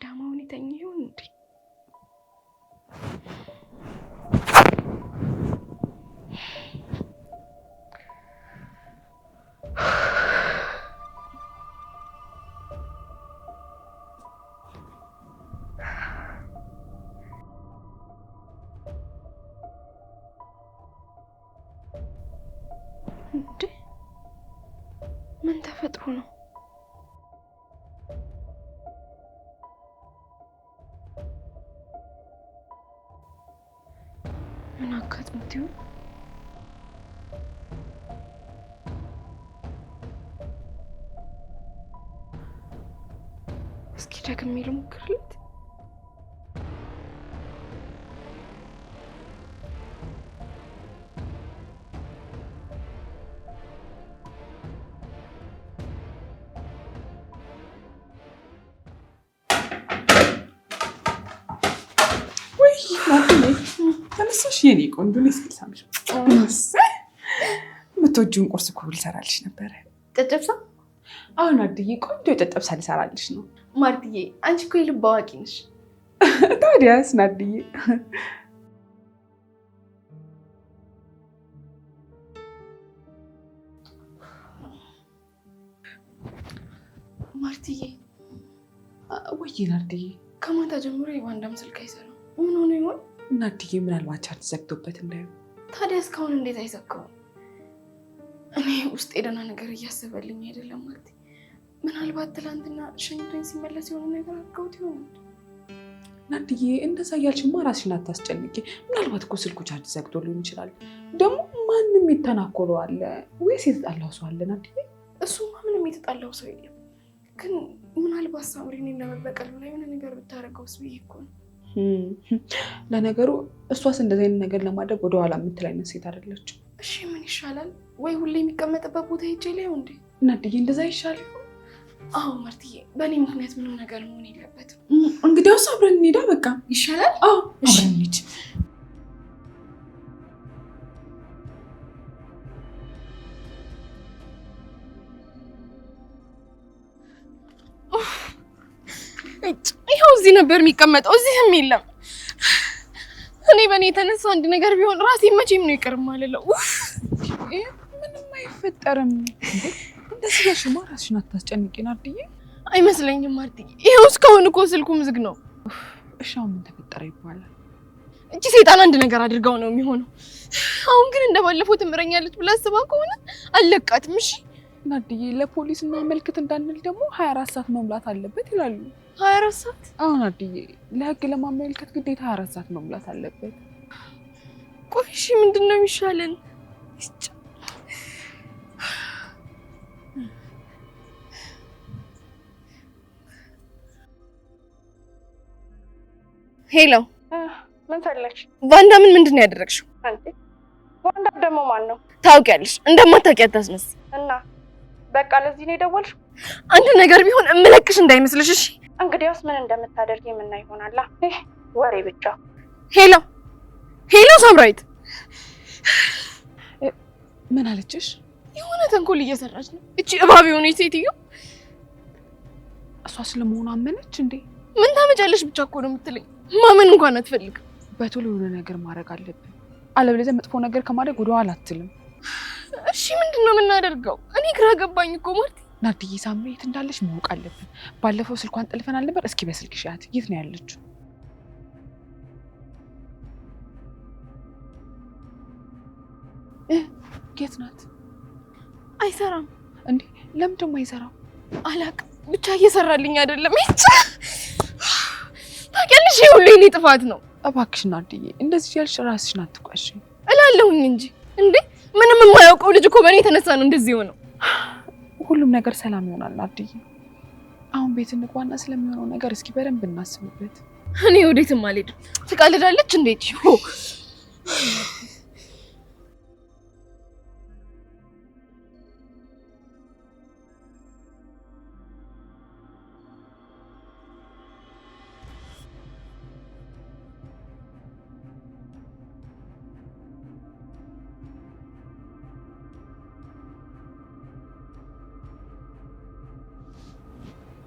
እንዳማውን የተኛ ይሆን እንዴ? እስኪ ደግሜ ልሞክርለት። ተነሳሽ የኔ ቆንጆ ስልሳምሽ የምትወጂውን ቁርስ እኮ ልሰራልሽ ነበረ። ጨጨብሳ አሁን አድዬ ቆንጆ ጨጨብሳ ልሰራልሽ ነው። ማርትዬ አንቺ እኮ የልብ አዋቂ ነሽ። ታዲያስ ናድዬ ማርትዬ ወይ ናድዬ ከማታ ጀምሮ የባንዳም ስልክ አይሰራም። ምን ሆነ ይሆን ናድዬ? ምናልባት ቻርጅ ዘግቶበት እንዳይሆን። ታዲያ እስካሁን እንዴት አይሰካውም? እኔ ውስጤ ደህና ነገር እያሰበልኝ አይደለም ማርቲ ምናልባት ትላንትና ሸኝቶኝ ሲመለስ የሆነ ነገር አድርገውት ይሆናል። ናድዬ እንደዛ እያልሽማ ራስሽን አታስጨንቂ። ምናልባት እኮ ስልኩ ቻርጅ ዘግቶ ሊሆን ይችላል። ደግሞ ማንም የተናኮለው አለ ወይስ የተጣላው ሰው አለ? ናድዬ እሱማ ምንም የተጣላው ሰው የለም። ግን ምናልባት ሳምሪኔ ለመበቀል ብላ የሆነ ነገር ብታደርገውስ ብዬ እኮ ነው። ለነገሩ እሷስ እንደዚህ አይነት ነገር ለማድረግ ወደኋላ የምትል አይነት ሴት አይደለችም። እሺ ምን ይሻላል? ወይ ሁሌ የሚቀመጥበት ቦታ ሄጄ ላይ እንዴ? እናድዬ እንደዛ ይሻል አዎ ማርትዬ፣ በእኔ ምክንያት ምንም ነገር መሆን የለበትም። እንግዲያውስ አብረን እንሄዳ በቃ ይሻላል። አዎ አብረን እንሂድ። ይኸው እዚህ ነበር የሚቀመጠው፣ እዚህም የለም። እኔ በእኔ የተነሳ አንድ ነገር ቢሆን ራሴ መቼም ነው ይቅር ምንም አይፈጠርም። እንደዚህ ያልሽማ ራስሽን አታስጨንቂን አርድዬ። አይመስለኝም አርድዬ፣ ይኸው እስካሁን እኮ ስልኩ ዝግ ነው። እሺ አሁን ምን ተፈጠረ ይባላል? እቺ ሴጣን አንድ ነገር አድርጋው ነው የሚሆነው። አሁን ግን እንደባለፈው ትምረኛለች ብላ አስባ ከሆነ አለቃትም። እሺ ናድዬ፣ ለፖሊስ እና መልክት እንዳንል ደግሞ ሀያ አራት ሰዓት መሙላት አለበት ይላሉ። ሀያ አራት ሰዓት? አዎ ናድዬ፣ ለህግ ለማመልከት ግዴታ ሀያ አራት ሰዓት መሙላት አለበት። ቆይ እሺ ምንድን ነው የሚሻለን? ሄሎ፣ ምን ፈለግሽ? ቫንዳ ምን ምንድን ነው ያደረግሽው? አንቺ ቫንዳ ደግሞ ማን ነው? ታውቂያለሽ። እንደማታውቂ አታስመስ እና በቃ ለዚህ ነው የደወልሽው? አንድ ነገር ቢሆን እምለቅሽ እንዳይመስልሽ እሺ? እንግዲያውስ ምን እንደምታደርጊ የምና ይሆናላ። ወሬ ብቻ። ሄሎ፣ ሄሎ፣ ሳምራዊት ምን አለችሽ? የሆነ ተንኮል እየሰራች ነው እቺ እባብ የሆነች ሴትዮ። እሷ ስለመሆኑ አመነች እንዴ? ምን ታመጫለሽ ብቻ እኮ ነው የምትለኝ ማመን እንኳን አትፈልግም። በቶሎ የሆነ ነገር ማድረግ አለብን፣ አለበለዚያ መጥፎ ነገር ከማድረግ ወደኋላ አትልም። እሺ ምንድን ነው የምናደርገው? እኔ ግራ ገባኝ እኮ ማርቲ። ናርድዬ ሳምሪ የት እንዳለች ማወቅ አለብን። ባለፈው ስልኳን ጠልፈናል ነበር። እስኪ በስልክሽ እያት፣ የት ነው ያለችው? የት ናት? አይሰራም እንዴ? ለምን ደግሞ አይሰራም? አላቅም ብቻ እየሰራልኝ አይደለም። ታውቂያለሽ፣ ይሄ ሁሉ የኔ ጥፋት ነው። እባክሽን አድዬ፣ እንደዚህ ያልሽ ራስሽን አትቋሽ እላለሁኝ እንጂ እንዴ፣ ምንም የማያውቀው ልጅ እኮ በእኔ የተነሳ ነው እንደዚህ ሆነው። ሁሉም ነገር ሰላም ይሆናል አድዬ። አሁን ቤት እንግባና ስለሚሆነው ነገር እስኪ በደንብ እናስብበት። እኔ ወዴትም አልሄድም። ትቃልዳለች እንዴት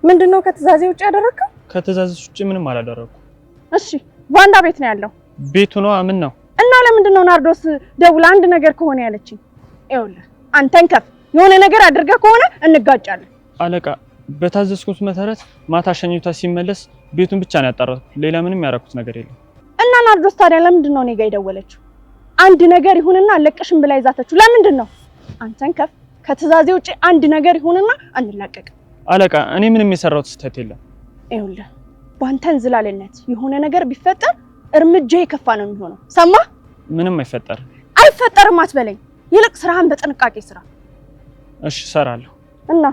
ምንድነው ከትእዛዜ ውጭ ያደረግከው? ከትእዛዝ ውጭ ምንም አላደረግኩ። እሺ ዋንዳ ቤት ነው ያለው። ቤቱ ነው ምን ነው እና ለምንድን ነው ናርዶስ ደውላ አንድ ነገር ከሆነ ያለችኝ? ይኸውልህ አንተን ከፍ የሆነ ነገር አድርገህ ከሆነ እንጋጫለን። አለቃ በታዘዝኩት መሰረት ማታ ሸኝቷ ሲመለስ ቤቱን ብቻ ነው ያጣራኩት። ሌላ ምንም ያደረኩት ነገር የለም። እና ናርዶስ ታዲያ ለምንድን ነው እኔ ጋ የደወለችው? አንድ ነገር ይሁንና አለቅሽም ብላ ይዛተችው ለምንድን ነው? አንተን ከፍ ከትእዛዜ ውጭ አንድ ነገር ይሁንና አንላቀቅም አለቃ፣ እኔ ምንም የሰራሁት ስህተት የለም። ይኸውልህ በአንተ እንዝላልነት የሆነ ነገር ቢፈጠር እርምጃ የከፋ ነው የሚሆነው። ሰማህ? ምንም አይፈጠርም። አይፈጠርም አትበለኝ። ይልቅ ስራህን በጥንቃቄ ስራ። እሺ እሰራለሁ። እና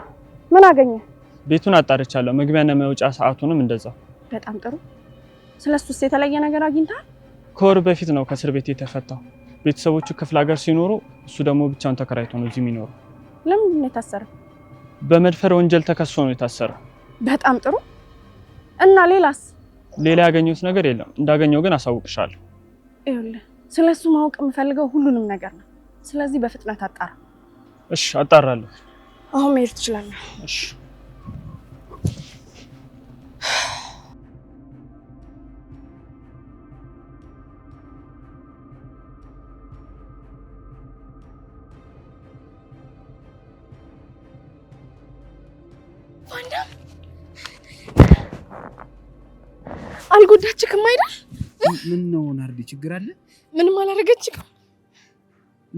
ምን አገኘ? ቤቱን አጣርቻለሁ። መግቢያና መውጫ ሰዓቱንም እንደዛው። በጣም ጥሩ። ስለሱስ የተለየ ነገር አግኝተሃል? ከወር በፊት ነው ከእስር ቤት የተፈታው። ቤተሰቦቹ ክፍለ ሀገር ሲኖሩ እሱ ደግሞ ብቻውን ተከራይቶ ነው እዚህ የሚኖረው። ለምንድን ነው የታሰረው? በመድፈር ወንጀል ተከሶ ነው የታሰረው። በጣም ጥሩ እና ሌላስ? ሌላ ያገኘሁት ነገር የለም። እንዳገኘው ግን አሳውቅሻለሁ። ይኸውልህ ስለሱ ማወቅ የምፈልገው ሁሉንም ነገር ነው። ስለዚህ በፍጥነት አጣራ። እሺ፣ አጣራለሁ። አሁን መሄድ ትችላለህ። እሺ ምን ነው ናርዲ፣ ችግር አለ? ምንም አላደረገችም።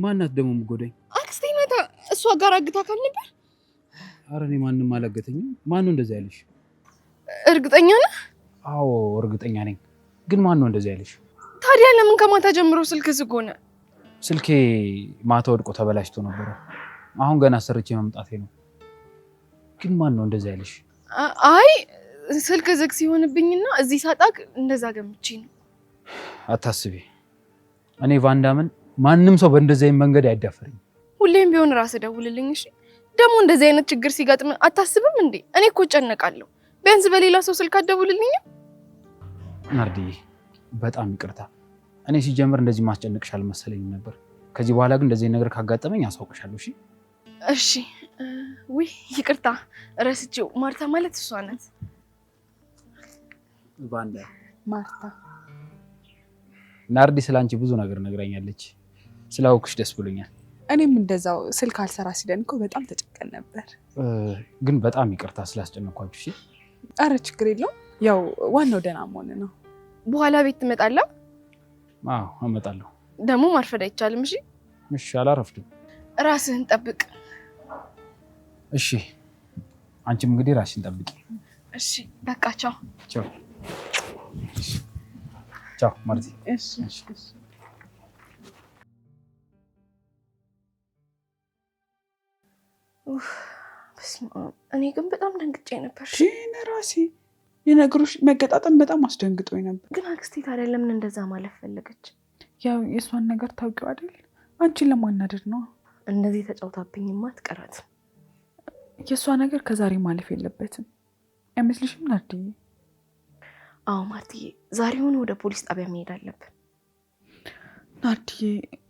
ማናት ደግሞ የምትጎዳኝ? አክስቴ ናታ። እሷ ጋር አግታ ነበር። አረ እኔ ማንም አላገተኝም። ማን ነው እንደዛ ያለሽ? እርግጠኛ ነህ? አዎ እርግጠኛ ነኝ። ግን ማን ነው እንደዛ ያለሽ? ታዲያ ለምን ከማታ ጀምሮ ስልክ ዝግ ሆነ? ስልኬ ማታ ወድቆ ተበላሽቶ ነበረ። አሁን ገና ሰርቼ መምጣቴ ነው። ግን ማን ነው እንደዛ ያለሽ? አይ ስልክ ዝግ ሲሆንብኝና እዚህ ሳጣቅ እንደዛ ገምቼ ነው። አታስቢ። እኔ ቫንዳምን ማንም ሰው በእንደዚህ አይነት መንገድ አይዳፈርም። ሁሌም ቢሆን ራስ ደውልልኝ። እሺ ደግሞ እንደዚህ አይነት ችግር ሲገጥም አታስብም እንዴ? እኔ እኮ እጨነቃለሁ። ቢያንስ በሌላ ሰው ስልክ አትደውልልኝ። ናርዲዬ በጣም ይቅርታ። እኔ ሲጀምር እንደዚህ ማስጨነቅሽ አልመሰለኝ ነበር። ከዚህ በኋላ ግን እንደዚህ ነገር ካጋጠመኝ አሳውቅሻለሁ። እሺ እሺ። ውይ ይቅርታ ረስቼው። ማርታ ማለት እሷ ናት። ቫንዳ ማርታ ናርዲ ስለ አንቺ ብዙ ነገር ነግራኛለች። ስላወኩሽ ደስ ብሎኛል። እኔም እንደዛው ስልክ አልሰራ ሲለን እኮ በጣም ተጨንቀን ነበር። ግን በጣም ይቅርታ ስላስጨነኳችሁ። እሺ። አረ ችግር የለው። ያው ዋናው ደህና መሆን ነው። በኋላ ቤት ትመጣለህ? አዎ እመጣለሁ። ደግሞ ማርፈድ አይቻልም። እሺ። እሺ፣ አላረፍድም። ራስህን ጠብቅ። እሺ። አንቺም እንግዲህ ራስሽን ጠብቂ። እሺ። በቃ ቻው። ቻው። ቻው ማርቲ። እኔ ግን በጣም ደንግጬ ነበር። እኔ ራሴ የነገሮች መገጣጠም በጣም አስደንግጦኝ ነበር። ግን አክስቴ ታዲያ ለምን እንደዛ ማለፍ ፈለገች? ያው የእሷን ነገር ታውቂው አይደል? አንቺን ለማናደድ ነው። እንደዚህ ተጫውታብኝማ አትቀራትም። የእሷ ነገር ከዛሬ ማለፍ የለበትም አይመስልሽም ናርድዬ? አዎ ማርትዬ፣ ዛሬውን ወደ ፖሊስ ጣቢያ መሄድ አለብን። ናርድዬ፣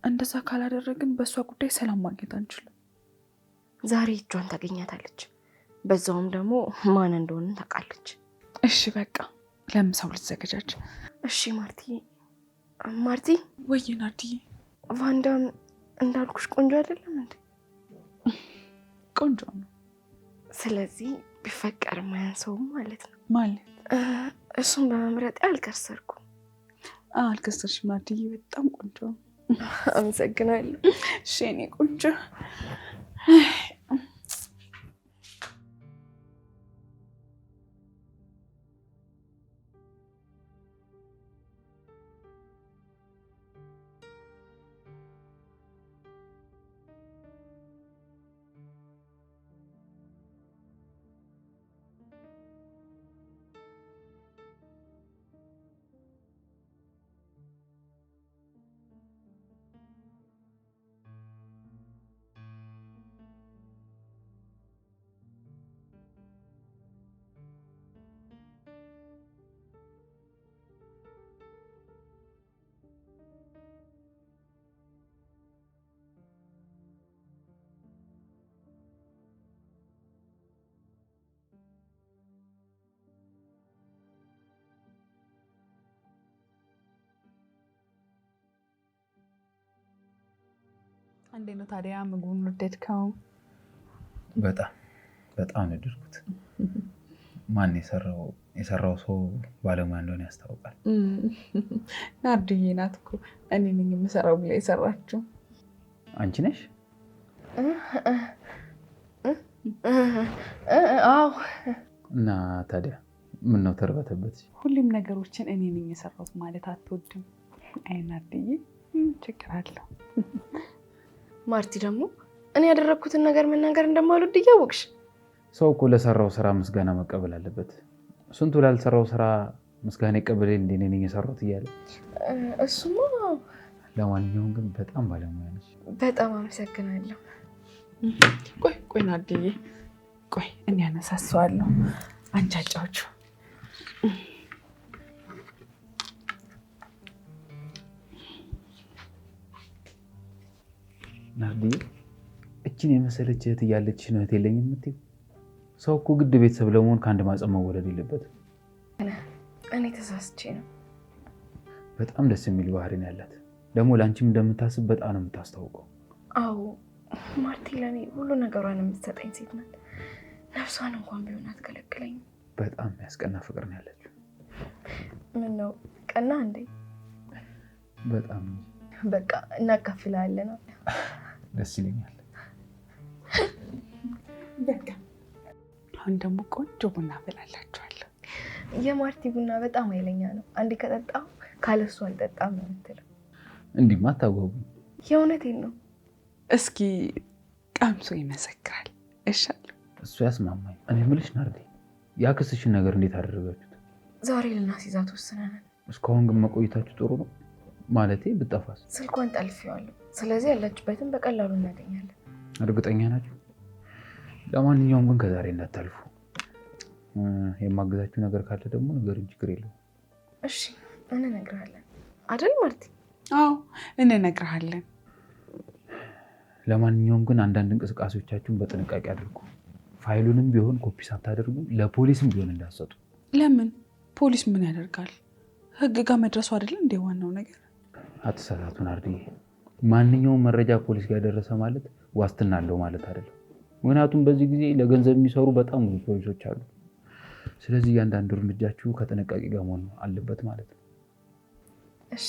እንደዛ ካላደረግን በእሷ ጉዳይ ሰላም ማግኘት አንችልም። ዛሬ እጇን ታገኛታለች። በዛውም ደግሞ ማን እንደሆነ ታውቃለች። እሺ በቃ ለምሳው ልትዘገጃች። እሺ ማርቲ ማርቲ። ወይ ናርድዬ፣ ቫንዳም እንዳልኩሽ ቆንጆ አይደለም እንዴ? ቆንጆ ነው። ስለዚህ ቢፈቀር ማያንሰውም ማለት ነው ማለት እሱን በመምረጤ አልከሰርኩም። አልከሰርሽም አድዬ፣ በጣም ቆንጆ። አመሰግናለሁ። እሺ የኔ ቆንጆ እንዴት ነው ታዲያ ምግቡን ወደድከው? በጣም በጣም ነው የወደድኩት። ማን የሰራው ሰው ባለሙያ እንደሆነ ያስታውቃል። ናርድዬ ናት እኮ እኔ ነኝ የምሰራው ብላ የሰራችው አንቺ ነሽ? አዎ። እና ታዲያ ምን ነው ተርበተበት? ሁሉም ነገሮችን እኔ ነኝ የሰራሁት ማለት አትወድም? አይ ችግር አለው ማርቲ ደግሞ እኔ ያደረግኩትን ነገር መናገር እንደማልወድ እያወቅሽ። ሰው እኮ ለሰራው ስራ ምስጋና መቀበል አለበት። ስንቱ ላልሰራው ስራ ምስጋና ይቀበል እንደ እኔ ነኝ የሰራሁት እያለ እሱማ። ለማንኛውም ግን በጣም ባለሙያ ነች። በጣም አመሰግናለሁ። ቆይ ቆይ ናድዬ፣ ቆይ እኔ ያነሳሰዋለሁ አንቻጫዎቹ ናርዲዬ እችን የመሰለች እህት እያለች እህት የለኝም የምትይው ሰው እኮ ግድ ቤተሰብ ለመሆን ከአንድ ማህፀን መወለድ የለበትም። እኔ ተሳስቼ ነው። በጣም ደስ የሚል ባህሪ ነው ያላት። ደግሞ ለአንቺም እንደምታስብ በጣም ነው የምታስታውቀው። አዎ ማርቲ ለእኔ ሁሉ ነገሯን የምትሰጠኝ ሴት ናት። ነፍሷን እንኳን ቢሆን አትከለክለኝ። በጣም የሚያስቀና ፍቅር ነው ያለችው። ምን ነው ቀና እንዴ? በጣም በቃ እናካፍልሃለን። ደስ ይለኛል። አሁን ደግሞ ቆንጆ ቡና ፈላላችኋለሁ። የማርቲ ቡና በጣም ኃይለኛ ነው። አንዴ ከጠጣው ካለሱ አልጠጣም ነው የምትለው። እንዲህማ አታጓጉ። የእውነቴን ነው። እስኪ ቀምሶ ይመሰክራል። እሻል እሱ ያስማማኝ። እኔ የምልሽ ናርዲ፣ ያክስሽን ነገር እንዴት አደረጋችሁት? ዛሬ ልናስይዛት ወስነናል። እስካሁን ግን መቆየታችሁ ጥሩ ነው። ማለቴ ብጠፋስ? ስልኳን ጠልፌዋለሁ። ስለዚህ ያለችበትን በቀላሉ እናገኛለን። እርግጠኛ ናቸው? ለማንኛውም ግን ከዛሬ እንዳታልፉ። የማግዛችሁ ነገር ካለ ደግሞ ንገሩኝ፣ ችግር የለውም። እሺ፣ እንነግርሃለን አይደል ማርቲ? አዎ፣ እንነግርሃለን። ለማንኛውም ግን አንዳንድ እንቅስቃሴዎቻችሁን በጥንቃቄ አድርጉ። ፋይሉንም ቢሆን ኮፒ ሳታደርጉ ለፖሊስም ቢሆን እንዳትሰጡ። ለምን? ፖሊስ ምን ያደርጋል? ህግ ጋር መድረሱ አይደለም እንዲ ዋናው ነገር አትሳሳቱን አርድዬ። ማንኛውም መረጃ ፖሊስ ጋር ደረሰ ማለት ዋስትና አለው ማለት አይደለም። ምክንያቱም በዚህ ጊዜ ለገንዘብ የሚሰሩ በጣም ብዙ ፖሊሶች አሉ። ስለዚህ እያንዳንዱ እርምጃችሁ ከጥንቃቄ ጋር መሆን አለበት ማለት ነው። እሺ፣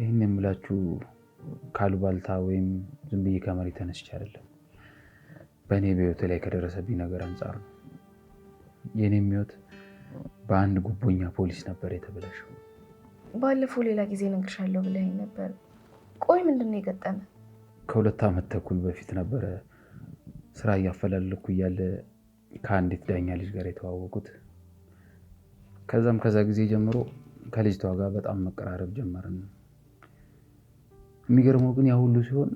ይህን የምላችሁ ካልባልታ ወይም ዝም ብዬ ከመሬት ተነስቼ አይደለም። በእኔ በህይወቴ ላይ ከደረሰብኝ ነገር አንጻር ነው። የእኔም ህይወት በአንድ ጉቦኛ ፖሊስ ነበር የተበላሸው። ባለፈው ሌላ ጊዜ እነግርሻለሁ ብለኸኝ ነበር። ቆይ ምንድን ነው የገጠመ? ከሁለት ዓመት ተኩል በፊት ነበረ ስራ እያፈላለኩ እያለ ከአንዲት ዳኛ ልጅ ጋር የተዋወቁት። ከዛም ከዛ ጊዜ ጀምሮ ከልጅቷ ጋር በጣም መቀራረብ ጀመርን። የሚገርመው ግን ያ ሁሉ ሲሆን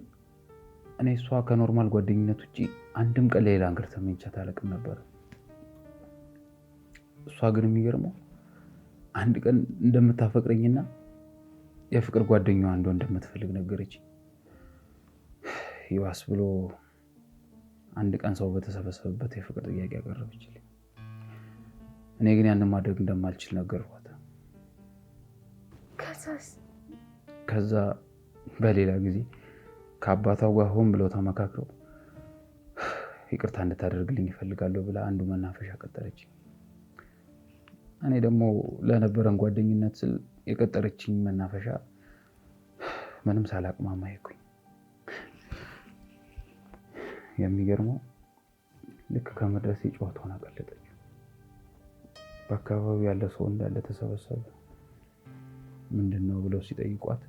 እኔ እሷ ከኖርማል ጓደኝነት ውጭ አንድም ቀን ሌላ እንግር ተመኝቻት አላውቅም ነበር። እሷ ግን የሚገርመው አንድ ቀን እንደምታፈቅረኝና የፍቅር ጓደኛዋ አንዱ እንደምትፈልግ ነገረች። ይባስ ብሎ አንድ ቀን ሰው በተሰበሰበበት የፍቅር ጥያቄ ያቀረበችልኝ። እኔ ግን ያንን ማድረግ እንደማልችል ነገርኳት። ከዛ በሌላ ጊዜ ከአባቷ ጋር ሆን ብለው ተመካክረው ይቅርታ እንድታደርግልኝ ይፈልጋለሁ ብላ አንዱ መናፈሻ ቀጠረችኝ። እኔ ደግሞ ለነበረን ጓደኝነት ስል የቀጠረችኝ መናፈሻ ምንም ሳላቅማማ ሄድኩኝ። የሚገርመው ልክ ከመድረሴ ጨዋታውን አቀለጠች። በአካባቢው ያለ ሰው እንዳለ ተሰበሰበ። ምንድን ነው ብለው ሲጠይቋት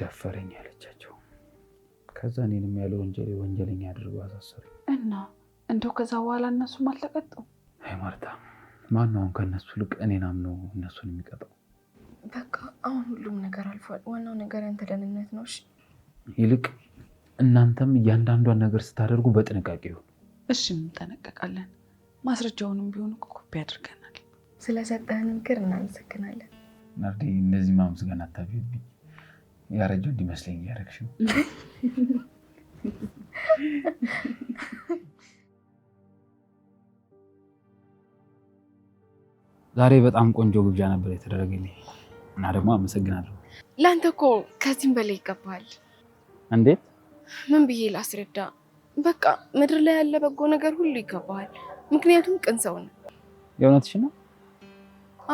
ደፈረኝ ያለቻቸው። ከዛ እኔንም ያለ ወንጀል ወንጀለኛ አድርጎ አሳሰሩ እና እንደው ከዛ በኋላ እነሱም አልተቀጡም። አይ ማነው አሁን ከእነሱ ልቅ እኔን አምኖ እነሱን የሚቀጣው? በቃ አሁን ሁሉም ነገር አልፏል። ዋናው ነገር ያንተ ደህንነት ነው። እሺ ይልቅ እናንተም እያንዳንዷን ነገር ስታደርጉ በጥንቃቄ ይሁን። እሺ እንጠነቀቃለን። ማስረጃውንም ቢሆን ኮፒ አድርገናል። ስለሰጠህን ምክር እናመሰግናለን። ናርዲ፣ እነዚህ ማመስገን አታቢብኝ። ያረጀው እንዲመስለኝ እያደረግሽ ነው። ዛሬ በጣም ቆንጆ ግብዣ ነበር የተደረገልኝ እና ደግሞ አመሰግናለሁ። ለአንተ እኮ ከዚህም በላይ ይገባል። እንዴት? ምን ብዬ ላስረዳ? በቃ ምድር ላይ ያለ በጎ ነገር ሁሉ ይገባል? ምክንያቱም ቅን ሰው ነው። የእውነትሽ ነው?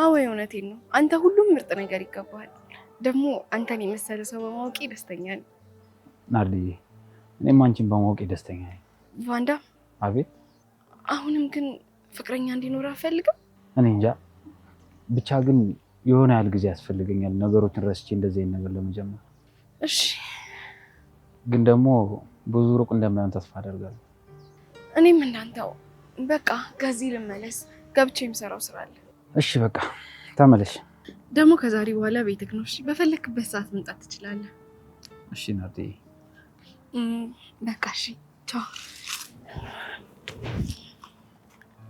አዎ የእውነቴን ነው። አንተ ሁሉም ምርጥ ነገር ይገባል። ደግሞ አንተን የመሰለ ሰው በማወቄ ደስተኛ ነኝ። ናርድዬ፣ እኔም አንቺን በማወቄ ደስተኛ ነኝ። ቫንዳ። አቤት። አሁንም ግን ፍቅረኛ እንዲኖር አልፈልግም። እኔ እንጃ ብቻ ግን የሆነ ያህል ጊዜ ያስፈልገኛል ነገሮችን ረስቼ እንደዚህ ነገር ለመጀመር። እሺ፣ ግን ደግሞ ብዙ ሩቅ እንደማይሆን ተስፋ አደርጋለሁ። እኔም እንዳንተው በቃ ከዚህ ልመለስ፣ ገብቼ የምሰራው ስራ አለ። እሺ፣ በቃ ተመለሽ። ደግሞ ከዛሬ በኋላ ቤትህ ነው። እሺ፣ በፈለክበት ሰዓት መምጣት ትችላለህ። እሺ ናቴ፣ በቃ እሺ፣ ቻው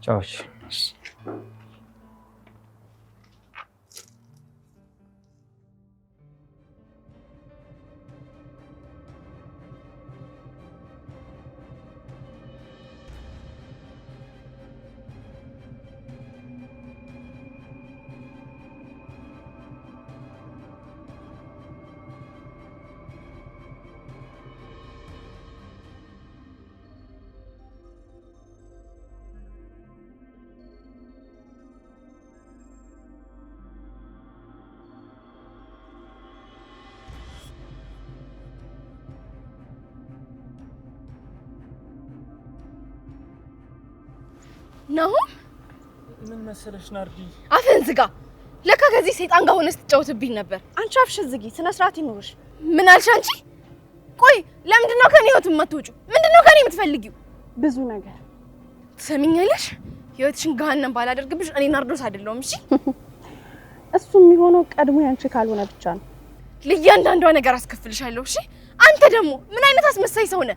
ቻው። እሺ ቻው እሺ ናሁም ምን መሰለሽ ናርዲ፣ አፍህን ዝጋ። ለካ ከዚህ ሰይጣን ጋር ሆነሽ ትጫወትብኝ ነበር። አንቺ አፍሽን ዝጊ፣ ስነ ስርዓት ይኖርሽ። ምን አልሽ አንቺ? ቆይ ለምንድን ነው ከኔ ህይወት የማትወጪው? ምንድን ነው ከኔ የምትፈልጊው? ብዙ ነገር ትሰሚኛለሽ። ህይወትሽን ገሀነም ባላደርግብሽ እኔ ናርዶስ አይደለሁም። እሺ፣ እሱ የሚሆነው ቀድሞ ያንቺ ካልሆነ ብቻ ነው። ለእያንዳንዷ ነገር አስከፍልሻለሁ። እሺ። አንተ ደግሞ ምን አይነት አስመሳይ ሰው ነህ?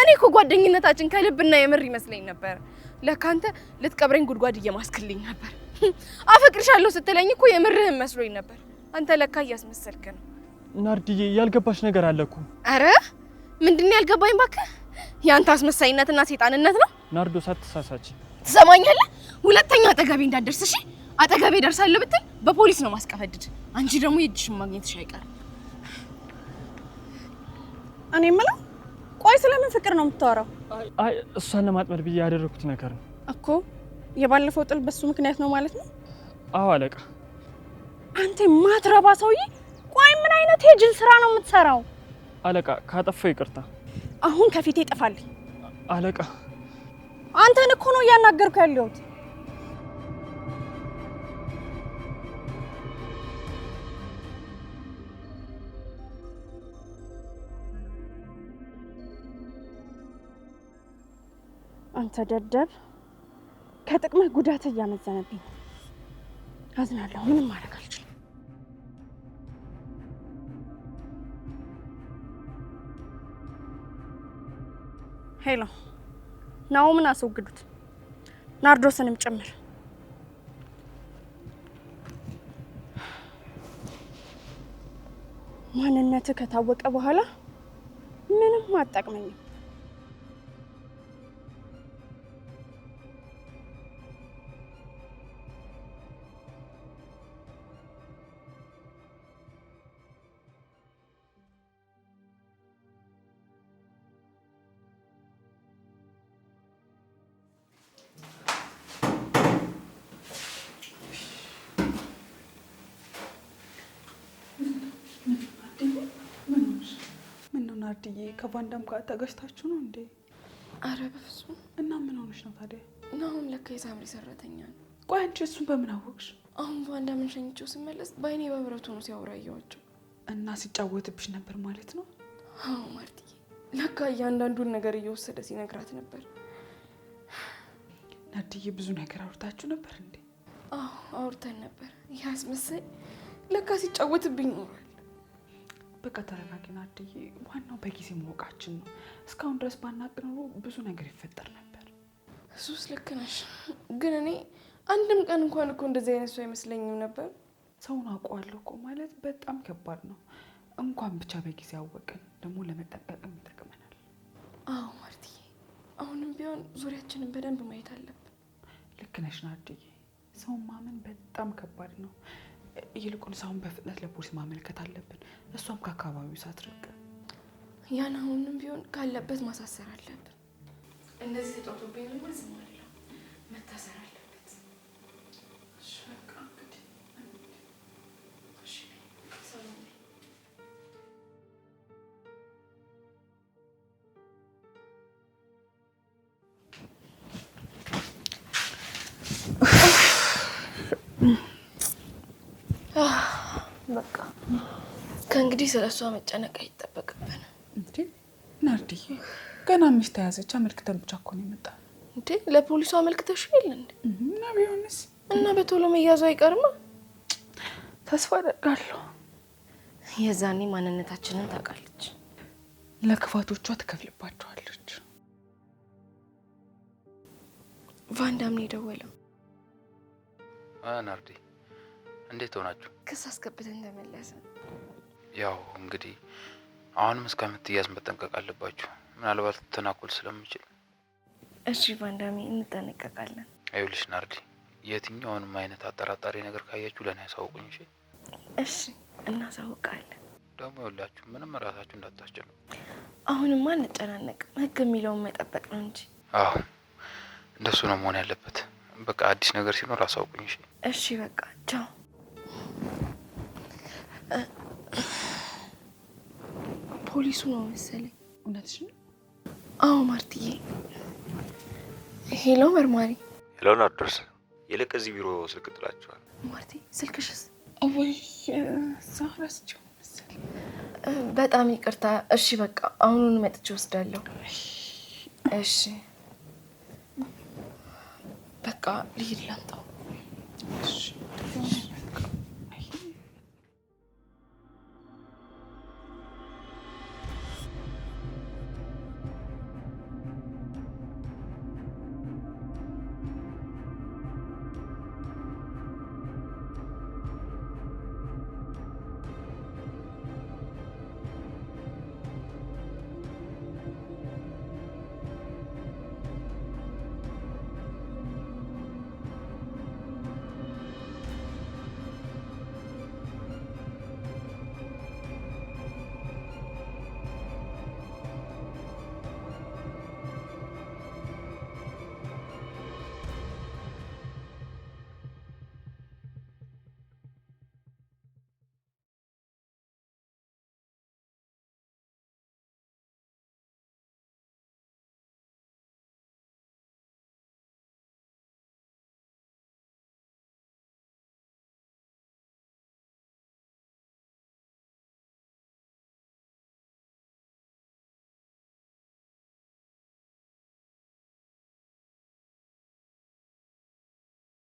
እኔ እኮ ጓደኝነታችን ከልብና የምር ይመስለኝ ነበር። ለካንተ ልትቀብረኝ ጉድጓድ እየማስክልኝ ነበር። አፈቅርሻለሁ ስትለኝ እኮ የምርህን መስሎኝ ነበር። አንተ ለካ እያስመሰልክ ነው። ናርዲዬ ያልገባሽ ነገር አለ እኮ። አረ ምንድን ያልገባኝ እባክህ? የአንተ አስመሳይነትና ሴጣንነት ነው። ናርዶ፣ ሳትሳሳች ትሰማኛለህ? ሁለተኛ አጠገቤ እንዳትደርስ እሺ? አጠገቤ ደርሳለሁ ብትል በፖሊስ ነው ማስቀፈድድ። አንቺ ደግሞ የእጅሽን ማግኘትሽ አይቀርም። እኔ የምለው ቆይ ስለምን ፍቅር ነው የምታወራው? አይ እሷን ለማጥመድ ብዬ ያደረኩት ነገር ነው እኮ። የባለፈው ጥል በሱ ምክንያት ነው ማለት ነው? አዎ አለቃ። አንተ ማትረባ ሰውዬ! ቆይ ምን አይነት የጅል ስራ ነው የምትሰራው? አለቃ ካጠፋው ይቅርታ። አሁን ከፊቴ ይጠፋልኝ። አለቃ አንተን እኮ ነው እያናገርኩ ያለሁት። አንተ ደደብ ከጥቅምህ ጉዳት እያመዘነብኝ ነው። አዝናለሁ። ምንም ማድረግ አልችልም። ሄሎ ናኦምን አስወግዱት፣ ናርዶስንም ጭምር። ማንነትህ ከታወቀ በኋላ ምንም አጠቅመኝም። ምነው አርድዬ ከቫንዳም ጋር ተገጭታችሁ ነው እንዴ? አረ በፍጹም። እና ምን ሆነሽ ነው ታዲያ? እና ለካ የሳምሪ ሰራተኛ ነው። ቆይ አንቺ እሱን በምን አወቅሽ? አሁን ቫንዳምን ሸኝቼው ስመለስ በአይኔ በብረቱ ነው ሲያወራ እያዋቸው እና ሲጫወትብሽ ነበር ማለት ነው? አዎ ማርትዬ፣ ለካ እያንዳንዱን ነገር እየወሰደ ሲነግራት ነበር። ናርድዬ፣ ብዙ ነገር አውርታችሁ ነበር እንዴ? አዎ አውርተን ነበር። ይህ አስመሳይ ለካ ሲጫወትብኝ ኖሯል። በቃ ተረጋጊ ናድዬ። ዋናው በጊዜ ማወቃችን ነው። እስካሁን ድረስ ባናቅ ኖሮ ብዙ ነገር ይፈጠር ነበር። እሱስ ልክ ነሽ፣ ግን እኔ አንድም ቀን እንኳን እኮ እንደዚህ አይነት ሰው አይመስለኝም ነበር። ሰውን አውቀዋለሁ እኮ ማለት በጣም ከባድ ነው። እንኳን ብቻ በጊዜ አወቅን፣ ደግሞ ለመጠንቀቅም ይጠቅመናል። አዎ ማርትዬ፣ አሁንም ቢሆን ዙሪያችንን በደንብ ማየት አለብን። ልክ ነሽ ናድዬ፣ ሰውን ማመን በጣም ከባድ ነው። ይልቁን አሁን በፍጥነት ለፖሊስ ማመልከት አለብን። እሷም ከአካባቢው ሳትርቅ ያን አሁንም ቢሆን ካለበት ማሳሰር አለብን። እንደዚህ ተጧጡብኝ ማስማለ መታሰር አለበት። Mm-hmm. ከእንግዲህ ስለ እሷ መጨነቅ አይጠበቅብን። እንዴ ናርዲ፣ ገና ሚስት ተያዘች። አመልክተን ብቻ እኮ ነው የመጣ እንዴ። ለፖሊሱ አመልክተሽ የለ እንዴ? እና ቢሆንስ? እና በቶሎ መያዙ አይቀርማ። ተስፋ አደርጋለሁ። የዛኔ ማንነታችንን ታውቃለች። ለክፋቶቿ ትከፍልባቸዋለች። ቫንዳም ነው የደወለው። ናርዲ፣ እንዴት ሆናችሁ? ክስ አስገብተን ተመለሰ። ያው እንግዲህ አሁንም እስከምትያዝ መጠንቀቅ አለባችሁ። ምናልባት ተናኮል ስለምችል እሺ ባንዳሜ እንጠነቀቃለን። አይውልሽ ናርዲ፣ የትኛውንም አይነት አጠራጣሪ ነገር ካያችሁ ለእኔ ያሳውቁኝ። እሺ እሺ፣ እናሳውቃለን። ደግሞ ይኸውላችሁ ምንም እራሳችሁ እንዳታስጨንቁ። አሁንማ እንጨናነቅ፣ ህግ የሚለውን መጠበቅ ነው እንጂ። አዎ እንደሱ ነው መሆን ያለበት። በቃ አዲስ ነገር ሲኖር አሳውቁኝ። እሺ እሺ፣ በቃ ቻው። ፖሊሱ ነው መሰለኝ። እውነትሽ? አዎ ማርትዬ። ሄሎ መርማሪ። ሄሎ ናርዶስ፣ ይልቅ እዚህ ቢሮ ስልክ ጥላችኋል። ማርቲ ስልክሽስ? ወይ ሳረስቸው መሰለኝ። በጣም ይቅርታ። እሺ በቃ አሁኑን መጥቼ ወስዳለሁ። እሺ በቃ ልሂድ ላምጣው። እሺ